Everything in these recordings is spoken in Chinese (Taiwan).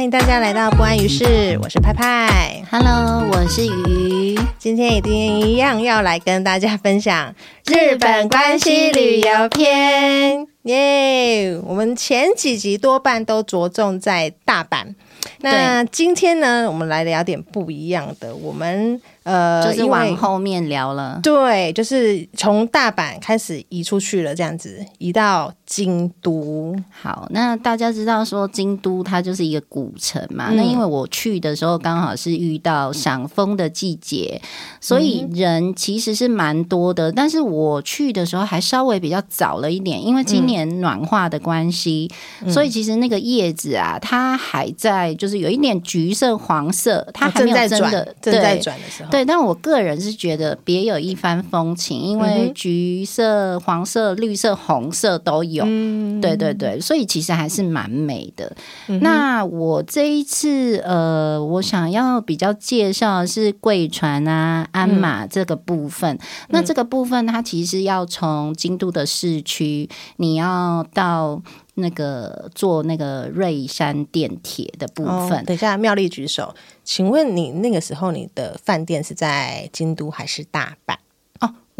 歡迎大家來到不安於室，我是派派。Hello，我是魚。今天一定一樣要來跟大家分享日本關西旅遊篇耶！Yeah, 我們前幾集多半都着重在大阪，那今天呢，對我們來聊點不一樣的。我們呃，就是往後面聊了，對，就是從大阪開始移出去了，這樣子移到京都。好，那大家知道說，京都它就是一個古城嘛。嗯、那因為我去的時候剛好是遇到賞楓的季節，嗯、所以人其實是蠻多的。嗯、但是我去的時候還稍微比較早了一點，因為今年暖化的關係，嗯、所以其實那個葉子啊，它還在，就是有一點橘色、黃色，它還沒有真的正在轉的時候對。對，但我個人是覺得別有一番風情，嗯、哼因為橘色、黃色、綠色、紅色都有。嗯，對對對，所以其實還是蠻美的。嗯、那我這一次呃，我想要比較介紹的是貴船啊鞍馬這個部分。嗯、那這個部分它其實要從京都的市區，你要到那個坐那個叡山電鐵的部分。哦、等一下妙麗舉手，請問你那個時候你的飯店是在京都還是大阪？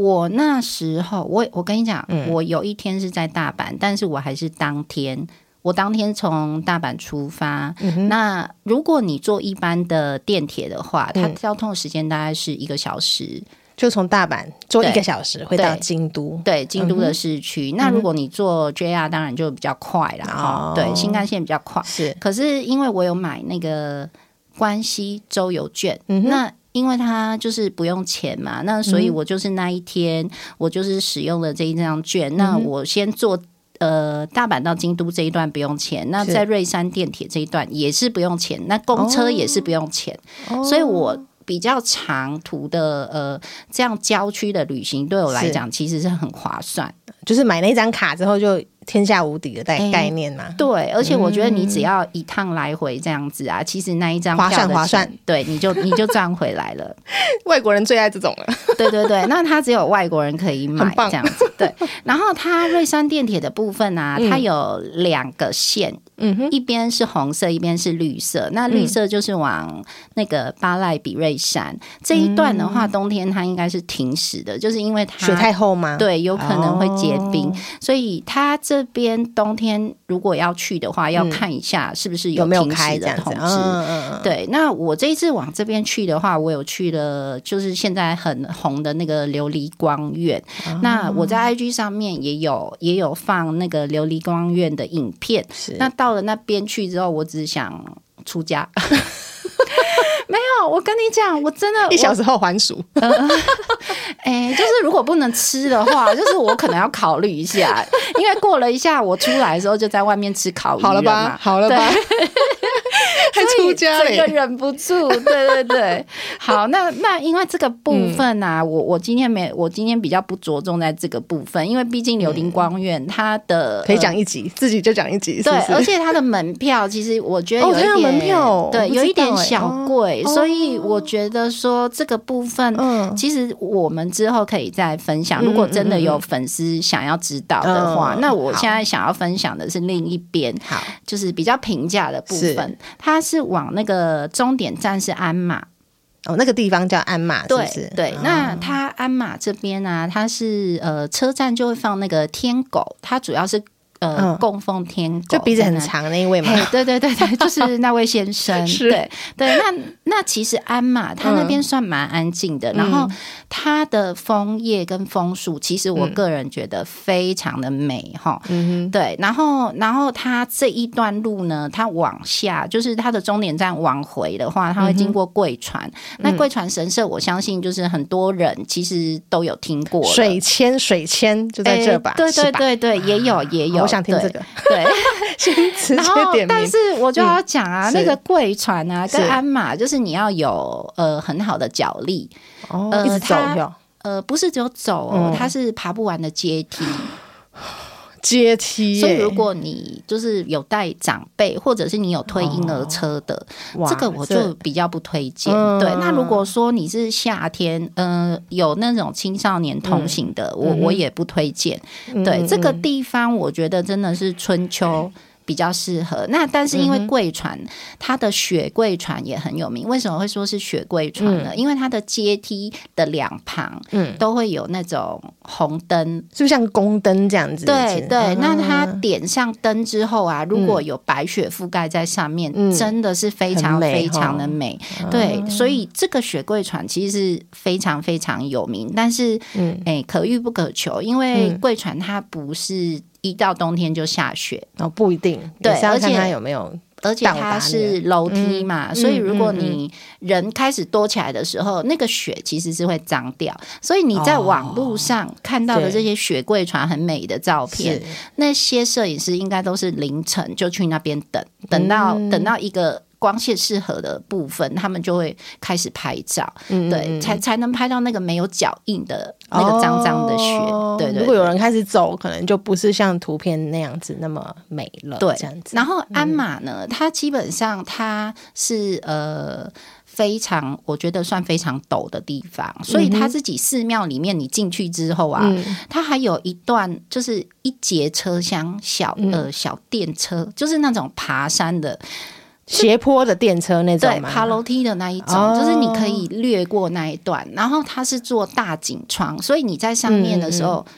我那時候，我我跟你講，我有一天是在大阪，嗯、但是我還是當天，我當天從大阪出發。嗯、哼那如果你坐一般的電鐵的話，嗯、它交通的時間大概是一個小時，就從大阪坐一個小時會到京都，對京都的市區。嗯、哼那如果你坐 JR，當然就比較快了，嗯、哼對新幹線比較快。哦、是，可是因為我有買那個關西周遊券，嗯、哼那。因為它就是不用錢嘛，那所以我就是那一天，我就是使用了這一張券。嗯、哼那我先坐呃大阪到京都這一段不用錢，那在叡山電鐵這一段也是不用錢，是那公車也是不用錢，哦、所以我比較長途的呃這樣郊區的旅行對我來講其實是很划算，是就是買那張卡之後就。天下無敵的概概念吶，對，而且我覺得你只要一趟來回這樣子啊，其實那一張划算划算，對，你就你就賺回來了。外國人最愛這種了，對對對，那他只有外國人可以買這樣子，對。然後它叡山電鐵的部分啊，它有兩個線，嗯哼，一邊是紅色，一邊是綠色。那綠色就是往那個八瀨比叡山這一段的話，冬天它應該是停駛的，就是因為它雪太厚嗎？對，有可能會結冰，所以它。這邊冬天如果要去的話，要看一下是不是有停，嗯、有沒有開的通知。嗯嗯、對，那我這一次往這邊去的話，我有去了，就是現在很紅的那個琉璃光院。嗯、那我在 IG 上面也有也有放那個琉璃光院的影片。是那到了那邊去之後，我只想出家。 沒有，我跟你講，我真的一小時後還俗。哎、呃欸，就是如果不能吃的話， 就是我可能要考慮一下，因為過了一下我出來的時候就在外面吃烤魚了，好了吧？好了吧？對 家了整個忍不住，對對對，好，那那因為這個部分呢，我我今天沒，我今天比較不着重在這個部分，因為畢竟琉璃光院它的可以講一集，自己就講一集，對，而且它的門票其實我覺得有點門票，對，有一點小貴，所以我覺得說這個部分，其實我們之後可以再分享，如果真的有粉絲想要知道的話，那我現在想要分享的是另一邊，好，就是比較平價的部分，他。是往那個終點站是鞍馬哦，那個地方叫鞍馬是不是？對，對對，哦，那它鞍馬這邊呢，啊，它是呃車站就會放那個天狗，它主要是。呃，供奉天狗，就鼻子很長那一位嘛。對、hey, 對對對，就是那位先生。 是對，對。那那其實鞍馬，他那邊算蠻安靜的，嗯、然後他的楓葉跟楓樹，其實我個人覺得非常的美哈。嗯哼。對，然後然後他這一段路呢，他往下就是他的終點站往回的話，他會經過貴船。嗯、那貴船神社，我相信就是很多人其實都有聽過水。水籤、水籤，就在這吧、欸？對對對對，也有吧也有。也有我想聽這個，對，對 點。然後但是我就要講啊，嗯、那個貴船啊，是跟鞍馬，就是你要有呃很好的腳力，哦，走，呃，不是只有走，哦，嗯、它是爬不完的階梯。 階梯、欸。所以如果你就是有帶長輩，或者是你有推嬰兒車的，哦、這個我就比較不推薦。嗯、對，那如果說你是夏天，嗯、呃，有那種青少年同行的，嗯、我我也不推薦。嗯、對，這個地方我覺得真的是春秋。嗯嗯比較適合，那，但是因為貴船，嗯、哼它的雪貴船也很有名。為什麼會說是雪貴船呢？嗯、因為它的階梯的兩旁，嗯、都會有那種紅燈，是不是像宮燈這樣子？對實對，那它點上燈之後啊，嗯、如果有白雪覆蓋在上面，嗯、真的是非常非常的美。嗯、對，所以這個雪貴船其實是非常非常有名，嗯、但是，嗯，哎，可遇不可求，因為貴船它不是。一到冬天就下雪，哦，不一定，有有對，而且它有沒有，而且它是樓梯嘛，嗯、所以如果你人開始多起來的時候，嗯嗯嗯、那個雪其實是會髒掉。所以你在網路上看到的這些雪貴船很美的照片，哦、那些攝影師應該都是凌晨就去那邊等，等到、嗯、等到一個。光線適合的部分，他們就會開始拍照，嗯、對，才才能拍到那個沒有腳印的、哦、那個髒髒的雪。對，對，對，如果有人開始走，可能就不是像圖片那樣子那麼美了。對，這樣子。然後鞍馬呢，嗯、它基本上它是呃非常，我覺得算非常陡的地方，所以他自己寺廟裡面，你進去之後啊，嗯、它還有一段就是一節車廂小呃小電車，嗯、就是那種爬山的。斜坡的電車那種，對，爬樓梯的那一種，哦、就是你可以略過那一段，然後它是做大景窗，所以你在上面的時候，嗯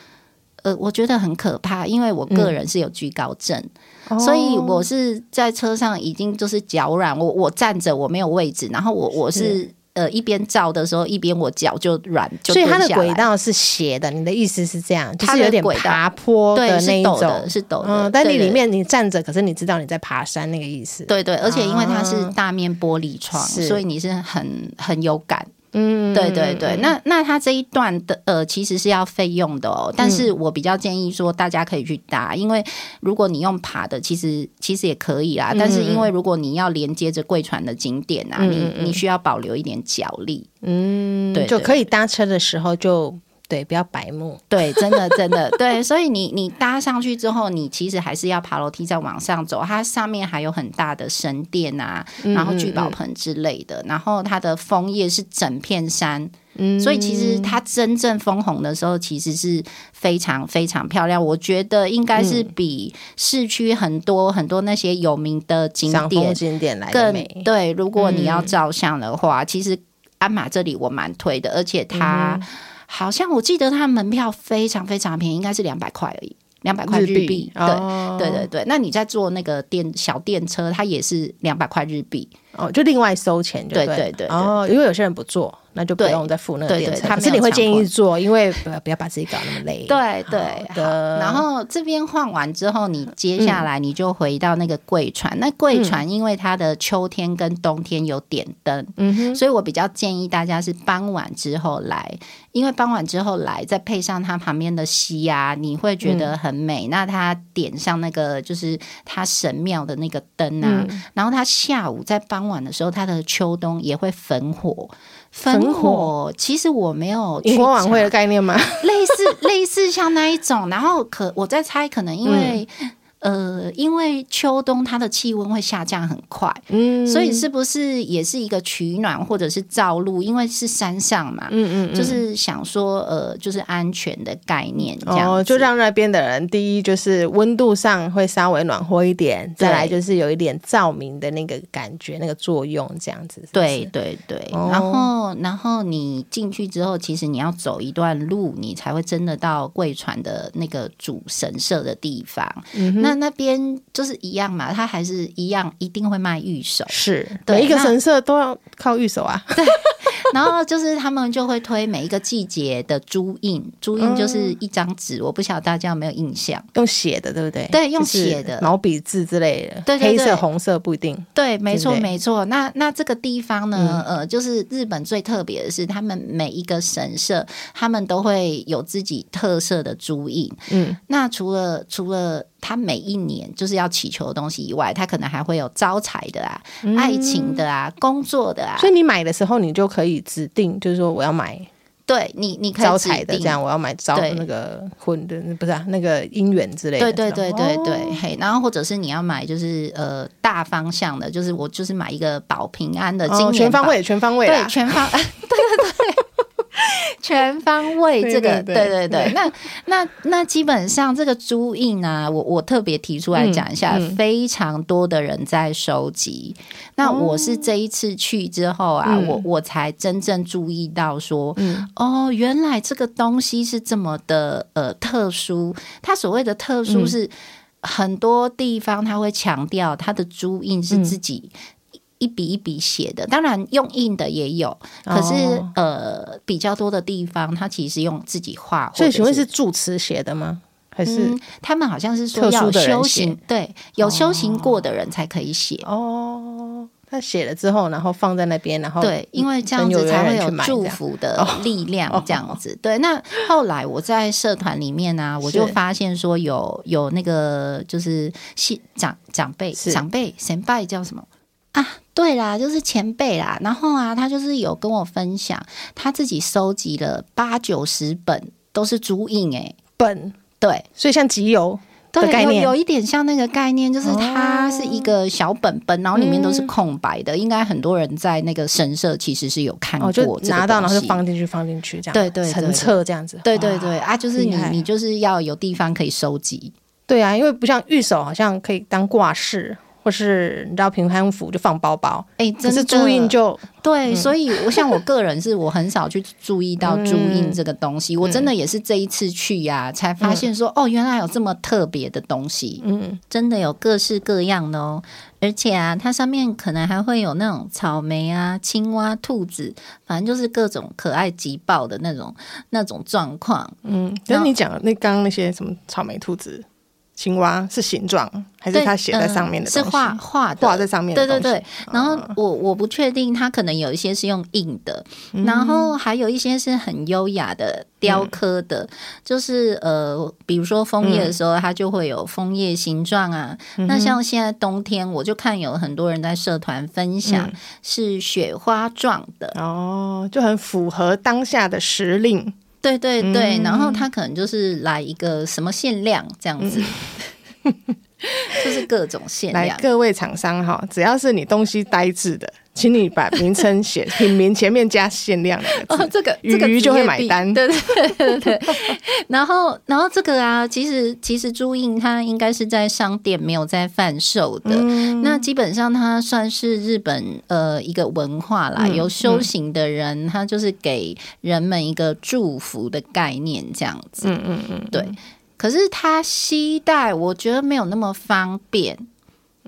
嗯呃，我覺得很可怕，因為我個人是有懼高症，嗯、所以我是在車上已經就是腳軟，我我站着我沒有位置，然後我我是。是呃，一邊照的時候，一邊我腳就軟，就所以它的軌道是斜的。你的意思是這樣？它，就是、有點爬坡的那一種，嗯、是陡的。嗯，但你裡面你站着，的可是你知道你在爬山那個意思。對對，而且因為它是大面玻璃窗，嗯、所以你是很很有感。嗯，對對對，那那它這一段的呃，其實是要費用的哦，但是我比較建議說大家可以去搭，因為如果你用爬的，其實其實也可以啦，但是因為如果你要連接着貴船的景點啊，嗯、你你需要保留一點腳力，嗯，對，對，就可以搭車的時候就。對，不要白目。對，真的，真的，對。所以你你搭上去之後，你其實還是要爬樓梯再往上走。它上面還有很大的神殿啊，然後聚寶盆之類的。嗯嗯、然後它的楓葉是整片山，嗯、所以其實它真正楓紅的時候，其實是非常非常漂亮。我覺得應該是比市區很多很多那些有名的景點更，景點來更美。對。如果你要照相的話，嗯、其實鞍馬這裡我蠻推的，而且它。嗯好像我記得它門票非常非常便宜，應該是兩百塊而已，兩百塊日幣。日幣對，對對對。哦。那你在坐那個電小電車，它也是兩百塊日幣。哦，就另外收錢就對，對對對,對。哦，因為有些人不做，那就不用再付那個。對,對對，他自己會建議做，對對對因為不要不要把自己搞那麼累。對對,對的。好，然後這邊換完之後，你接下來你就回到那個貴船。嗯、那貴船因為它的秋天跟冬天有點燈，嗯、哼所以我比較建議大家是傍晚之後來，因為傍晚之後來，再配上它旁邊的溪啊，你會覺得很美。嗯、那它點上那個就是它神廟的那個燈啊，嗯、然後它下午再幫。晚的時候，它的秋冬也會焚火，焚火。其實我沒有去。元宵晚會的概念嗎？ 類似類似像那一種，然後可我在猜，可能因為。嗯呃，因為秋冬它的氣溫會下降很快，嗯，所以是不是也是一個取暖或者是照路？因為是山上嘛，嗯，嗯嗯，就是想說呃，就是安全的概念，這樣子。哦，就讓那邊的人，第一就是溫度上會稍微暖和一點，對再來就是有一點照明的那個感覺，那個作用這樣子是是。對對對，哦，然後然後你進去之後，其實你要走一段路，你才會真的到貴船的那個主神社的地方，嗯、哼那。那邊就是一樣嘛，他還是一樣，一定會賣御守。是對每一個神社都要靠御守啊。對，然後就是他們就會推每一個季節的朱印，朱、嗯、印就是一張紙，我不曉得大家有沒有印象，用寫的對不對？對，用寫的毛筆字之類的，對、對、對，黑色、紅色不一定。對，沒錯，沒錯。那那這個地方呢？嗯、呃，就是日本最特別的是，他們每一個神社，他們都會有自己特色的朱印。嗯，那除了除了。他每一年就是要祈求的東西以外，他可能還會有招財的啊、嗯、愛情的啊、工作的啊。所以你買的時候，你就可以指定，就是說我要買，對你，你可以招財的這樣，我要買招對那個婚的，不是啊，那個姻緣之類的。對對對對對，嘿、哦，然後或者是你要買，就是呃大方向的，就是我就是買一個保平安的，金、哦。全方位，全方位對，全方對對。 全方位這個，對對，對對對，那那那基本上這個朱印啊，我我特別提出來講一下，嗯嗯、非常多的人在收集。嗯、那我是這一次去之後啊，嗯、我我才真正注意到說，嗯、哦，原來這個東西是這麼的呃特殊。它所謂的特殊是、嗯、很多地方他會強調他的朱印是自己。嗯一筆一筆寫的，當然用印的也有，哦、可是呃比較多的地方，他其實用自己畫。所以請問是住持寫的嗎？還是、嗯、他們好像是說要修行？對，有修行過的人才可以寫。哦，哦，他寫了之後，然後放在那邊，然後對，因為這樣子才會有祝福的力量。這樣子，對。那後來我在社團裡面呢、啊，是我就發現說有有那個就是信長長輩是長輩先輩叫什麼？啊，對啦，就是前輩啦。然後啊，他就是有跟我分享，他自己收集了八九十本，都是朱印哎本，對，所以像集郵的概念，有一點像那個概念，就是它是一個小本本，然後裡面都是空白的。應該很多人在那個神社其實是有看過，拿到然後就放進去，放進去這樣，對對，成冊這樣子，對對對啊，就是你你就是要有地方可以收集，對啊，因為不像御守好像可以當掛飾。或是你知道，平安符就放包包，哎、欸，這是朱印就對。嗯、所以我像我個人是我很少去注意到朱印這個東西， 嗯、我真的也是這一次去呀、啊嗯、才發現說，嗯、哦，原來有這麼特別的東西，嗯，真的有各式各樣的哦，嗯、而且啊，它上面可能還會有那種草莓啊、青蛙、兔子，反正就是各種可愛極爆的那種那種狀況，嗯，你後那你講的那剛剛那些什麼草莓兔子。青蛙是形狀，還是它寫在上面的、嗯？是畫畫的，畫在上面的。對對對。然後我我不確定，它可能有一些是用印的，嗯、然後還有一些是很優雅的雕刻的，嗯、就是呃，比如說楓葉的時候，它就會有楓葉形狀啊。嗯、那像現在冬天，我就看有很多人在社團分享是雪花狀的、嗯嗯、哦，就很符合當下的時令。對對對，嗯，然後他可能就是來一個什麼限量，這樣子。嗯。就 是各種限量， 各位廠商哈，只要是你東西呆滯的，請你把名稱寫品名前面加限量 哦。這個魚，魚就會買單， 對對對對。 然後，然後這個啊，其實其實朱印它應該是在商店沒有在販售的。嗯、那基本上它算是日本呃一個文化啦，嗯、有修行的人，他、嗯、就是給人們一個祝福的概念這樣子。嗯嗯嗯，對。可是它攜帶，我覺得沒有那麼方便，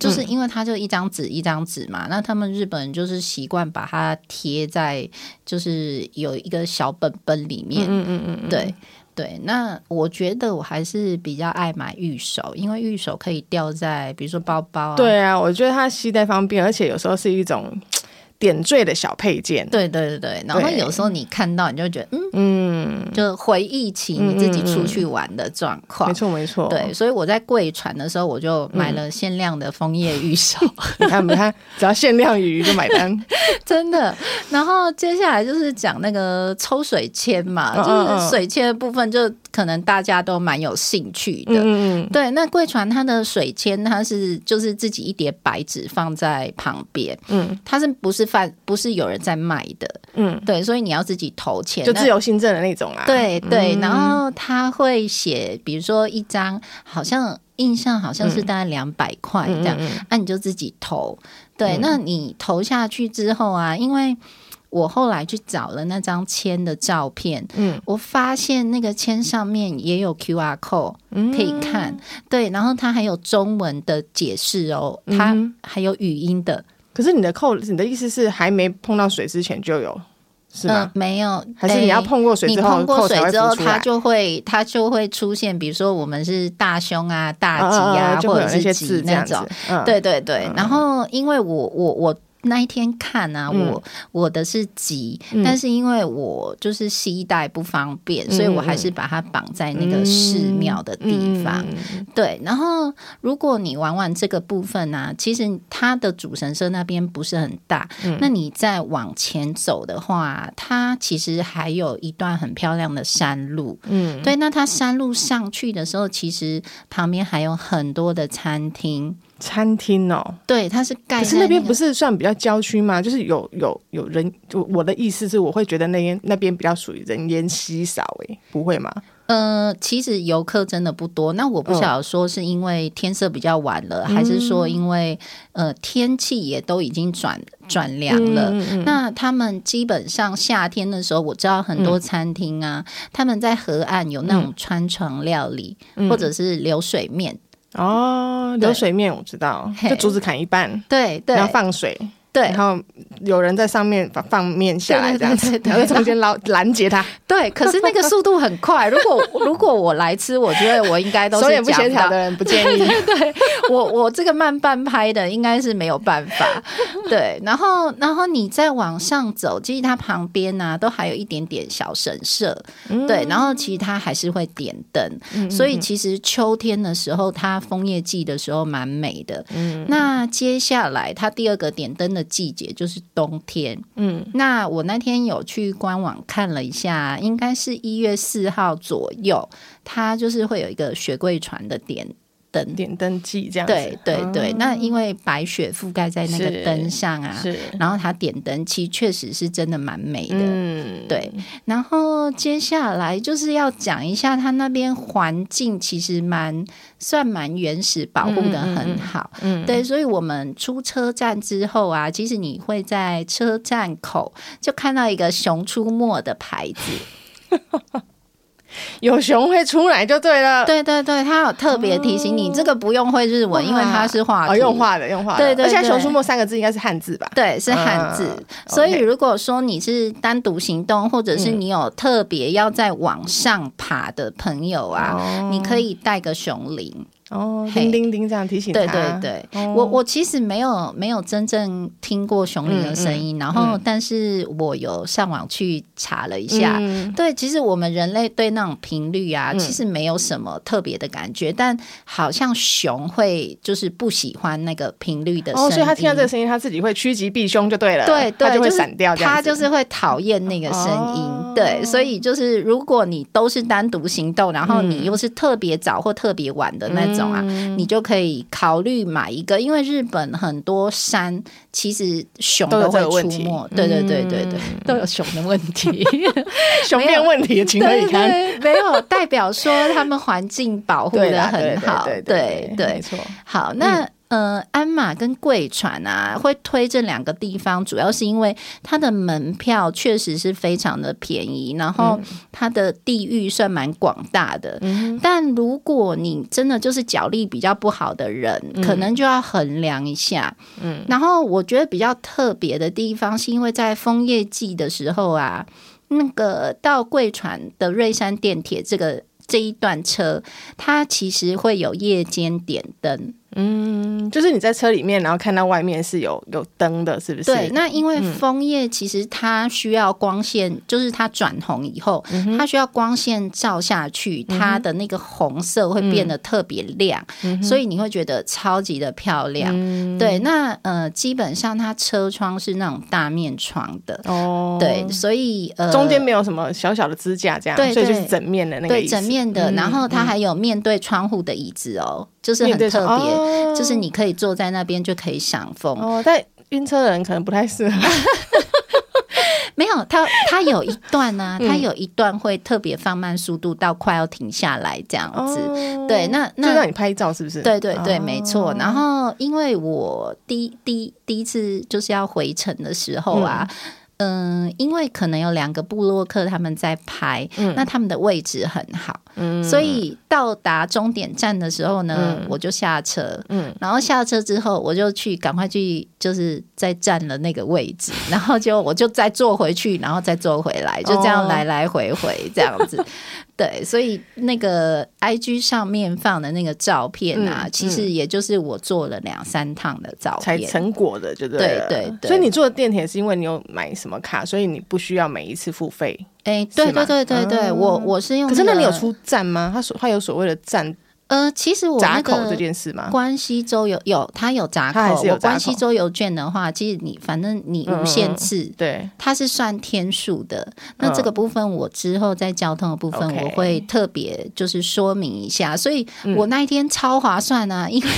就是因為它就一張紙一張紙嘛。嗯、那他們日本人就是習慣把它貼在，就是有一個小本本裡面。嗯嗯嗯，對對。那我覺得我還是比較愛買御守，因為御守可以吊在，比如說包包啊。對啊，我覺得它攜帶方便，而且有時候是一種。點綴的小配件，對對對對，然後有時候你看到你就覺得，嗯對嗯，就回憶起你自己出去玩的狀況，嗯嗯嗯，沒錯沒錯，對，所以我在貴船的時候，我就買了限量的楓葉玉手，嗯、 你看，你看，只要限量魚就買單， 真的。然後接下來就是講那個抽水籤嘛，就是水籤的部分就。可能大家都蠻有興趣的，嗯嗯對。那貴船它的水籤，它是就是自己一疊白紙放在旁邊，嗯，它是不是販？不是有人在賣的，嗯，對。所以你要自己投錢，就自由心證的那種啊，對對。然後他會寫，比如說一張，好像印象好像是大概兩百塊這樣，那、嗯嗯嗯嗯啊、你就自己投。對，嗯、那你投下去之後啊，因為。我後來去找了那張籤的照片，我發現那個籤上面也有 QR code 可以看，對，然後它還有中文的解釋哦，它還有語音的。可是你的扣，你的意思是還沒碰到水之前就有？是嗎？沒有，但是你要碰過水？你碰過水之後，它就會它就會出現，比如說我們是大凶啊、大吉啊，或者一些字那種。對對對，然後因為我我我。那一天看啊，嗯、我我的是急，嗯、但是因為我就是攜帶不方便，嗯、所以我還是把它綁在那個寺廟的地方。嗯嗯、對，然後如果你玩完這個部分呢、啊，其實它的主神社那邊不是很大，嗯、那你再往前走的話，它其實還有一段很漂亮的山路。嗯，對，那它山路上去的時候，其實旁邊還有很多的餐廳。餐廳哦、喔，對，它是蓋、那個。可是那邊不是算比較郊區嗎？就是有有有人，就我的意思是我會覺得那邊那邊比較屬於人煙稀少哎、欸，不會嗎？呃，其實遊客真的不多。那我不曉得說是因為天色比較晚了，嗯、還是說因為呃天氣也都已經轉轉涼了。嗯、那他們基本上夏天的時候，我知道很多餐廳啊，嗯、他們在河岸有那種川床料理，嗯、或者是流水麵。哦，流水麵我知道，對就竹子砍一半，對對，然後放水。對，然後有人在上面把放麵下來，這樣子，對對對對，然後中間撈攔截他。對，可是那個速度很快。 如果如果我來吃，我覺得我應該都是手眼不協調的人，不建議。對對，對我我這個慢半拍的應該是沒有辦法。 對，然後然後你再往上走，其實它旁邊呢、啊、都還有一點點小神社。嗯、對，然後其實它還是會點燈，嗯嗯嗯，所以其實秋天的時候，它楓葉季的時候蠻美的。嗯，嗯。那接下來它第二個點燈的季節就是冬天，嗯，那我那天有去官網看了一下，應該是一月四號左右，它就是會有一個雪貴船的點。燈點燈器這樣子，對對對。哦、那因為白雪覆蓋在那個燈上啊，然後它點燈器確實是真的蠻美的。嗯，對。然後接下來就是要講一下，它那邊環境其實蠻算蠻原始，保護得很好。嗯，嗯嗯對。所以我們出車站之後啊，其實你會在車站口就看到一個熊出沒的牌子。 有熊會出來就對了，對對對，它有特別提醒你，哦、這個不用會日文，哦啊、因為它是畫的，哦，用畫的，用畫的，對，對對。而且“熊出沒”三個字應該是漢字吧？對，是漢字。嗯、所以如果說你是單獨行動，嗯、或者是你有特別要再往上爬的朋友啊，嗯、你可以帶個熊鈴。哦，叮叮叮，這樣提醒他。對對對，我我其實沒有沒有真正聽過熊鈴的聲音，然後但是我有上網去查了一下。對，其實我們人類對那種頻率啊，其實沒有什麼特別的感覺，但好像熊會就是不喜歡那個頻率的聲音，所以他聽到這個聲音，他自己會趨吉避凶就對了。對對，他就會閃掉。他就是會討厭那個聲音。對，所以就是如果你都是單獨行動，然後你又是特別早或特別晚的那種，你就可以考慮買一個，因為日本很多山其實熊都會出沒，對對對對對，都有熊的問題，熊面問題，請可以看，沒有代表說他們環境保護得很好，對對，沒錯，好那。呃，鞍馬跟貴船啊，會推這兩個地方，主要是因為它的門票確實是非常的便宜，然後它的地域算蠻廣大的。嗯、但如果你真的就是腳力比較不好的人，嗯、可能就要衡量一下。嗯、然後我覺得比較特別的地方，是因為在楓葉季的時候啊，那個到貴船的叡山電鐵這個這一段車，它其實會有夜間點燈。嗯，就是你在車裡面，然後看到外面是有有燈的，是不是？對，那因為楓葉其實它需要光線，就是它轉紅以後，它需要光線照下去，它的那個紅色會變得特別亮，所以你會覺得超級的漂亮。對，那呃，基本上它車窗是那種大面窗的哦，對，所以呃，中間沒有什麼小小的支架這樣，對，所以就是整面的那個整面的，然後它還有面對窗戶的椅子哦，就是很特別。就是你可以坐在那邊就可以賞楓哦，但暈車的人可能不太適合。 沒有，他，他有一段呢、啊，嗯、他有一段會特別放慢速度到快要停下來這樣子。哦、對，那那讓你拍照是不是？對，對對對，哦、沒錯。然後因為我第第一第一次就是要回程的時候啊。嗯嗯，因為可能有兩個部落客他們在拍，嗯、那他們的位置很好，嗯、所以到達終點站的時候呢，嗯、我就下車，嗯，然後下車之後，我就去趕快去，就是再占了那個位置，嗯、然後就我就再坐回去，然後再坐回來， 就這樣來來回回這樣子。哦 對，所以那個 IG 上面放的那個照片啊，嗯、其實也就是我坐了兩三趟的照片，才成果的。對，對對對。所以你坐的電鐵是因為你有買什麼卡，所以你不需要每一次付費。哎、欸，嗎對對對對對，嗯、我我是用，可是那你有出站嗎？他他有所謂的站。呃，其實我有個關西周遊有，它有閘口。有口我關西周遊券的話，其實你反正你無限次嗯嗯嗯對，它是算天數的。嗯、那這個部分我之後在交通的部分我會特別就是說明一下。Okay 所以我那一天超划算啊，嗯、因為。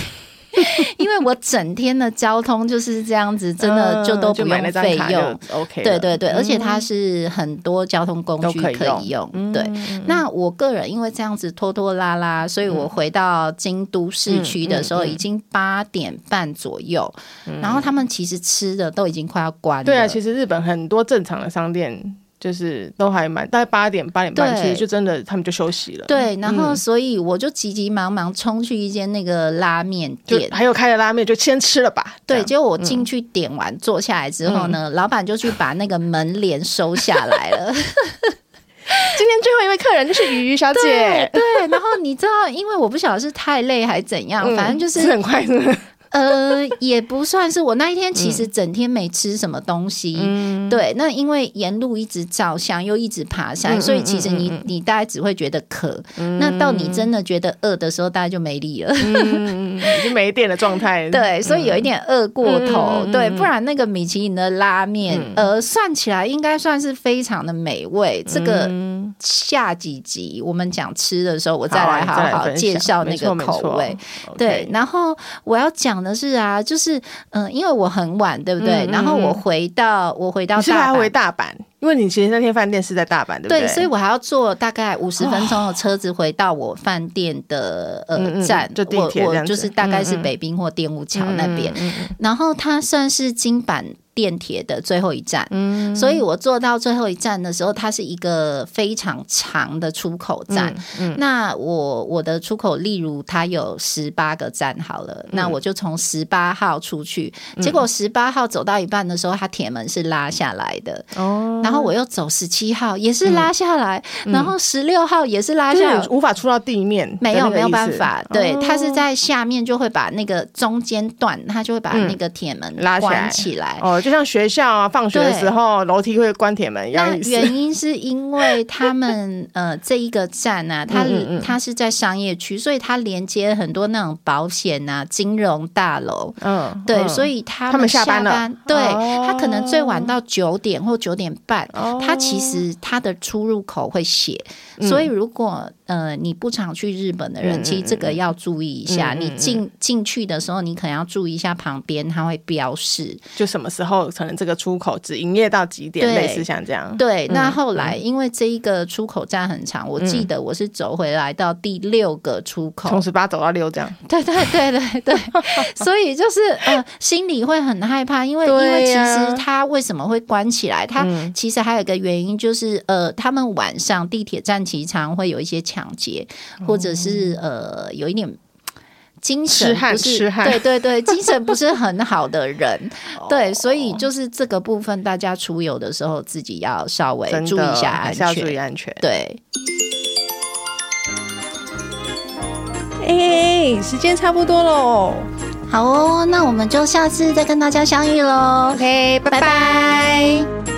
因為我整天的交通就是這樣子，真的就都不用費用。OK，對對對，而且它是很多交通工具可以用。對，那我個人因為這樣子拖拖拉拉，所以我回到京都市區的時候已經八點半左右。然後他們其實吃的都已經快要關了。對啊，其實日本很多正常的商店。就是都還蠻，大概八點八點半，對其實就真的他們就休息了。對，然後所以我就急急忙忙衝去一間那個拉面店，還有開的拉面就先吃了吧。對，樣結果我進去點完、嗯、坐下來之後呢，嗯、老板就去把那個門簾收下來了。 今天最後一位客人就是魚魚小姐對，對。然後你知道， 因為我不曉得是太累還是怎樣，反正就是,、嗯、是很快樂。呃，也不算是我。我那一天其實整天沒吃什麼東西，嗯、對。那因為沿路一直照相，又一直爬山，嗯、所以其實你你大概只會覺得渴。嗯、那到你真的覺得餓的時候，大家就沒力了，就、嗯、 沒電的狀態。對，嗯、所以有一點餓過頭。嗯、對，不然那個米其林的拉麵，呃、嗯，算起來應該算是非常的美味。嗯、這個下幾集我們講吃的時候，我再來好好介紹那個口味。對，然後我要講。可是啊，就是嗯、呃，因為我很晚，對不對？嗯嗯，然後我回到我回到上海，還回大阪，因為你其實那天飯店是在大阪，對不對？對，所以我還要坐大概五十分鐘的車子回到我飯店的噢呃站，嗯嗯，就地鐵我我就是大概是北濱或淀屋橋那邊，嗯嗯，然後它算是京阪電鐵的最後一站，所以我坐到最後一站的時候，它是一個非常長的出口站，那我我的出口，例如它有十八個站，好了，那我就從十八號出去，結果十八號走到一半的時候，它鐵門是拉下來的，然後我又走十七號，也是拉下來，然後十六號也是拉下來，無法出到地面，沒有沒有辦法，對，它是在下面就會把那個中間段，它就會把那個鐵門拉起來，就像學校、啊、放學的時候，樓對梯會關鐵門一樣。那原因是因為他們 呃，這一個站呢、啊，它嗯嗯嗯它是在商業區，所以它連接很多那種保險啊、金融大樓。嗯，嗯，對，所以他們下班，他們下班了。對，他、哦、可能最晚到九點或九點半，他、哦、其實他的出入口會寫。所以如果呃，你不常去日本的人，嗯、其實這個要注意一下。嗯嗯嗯、你進進去的時候，你可能要注意一下旁邊，他會標示，就什麼時候可能這個出口只營業到幾點，對類似像這樣。對，那後來因為這一個出口站很長，嗯、我記得我是走回來到第六個出口，從十八走到六這樣。對對對對對， 所以就是呃，心裡會很害怕，因為、啊、因為其實它為什麼會關起來，他其實還有一個原因就是呃，他們晚上地鐵站其實常會有一些。搶劫，或者是呃，有一點精神不是，對對對，精神不是很好的人， 對，所以就是這個部分，大家出遊的時候自己要稍微注意一下安全，要注意安全，對。哎、欸，時間差不多嘍，好哦，那我們就下次再跟大家相遇嘍。OK，拜拜。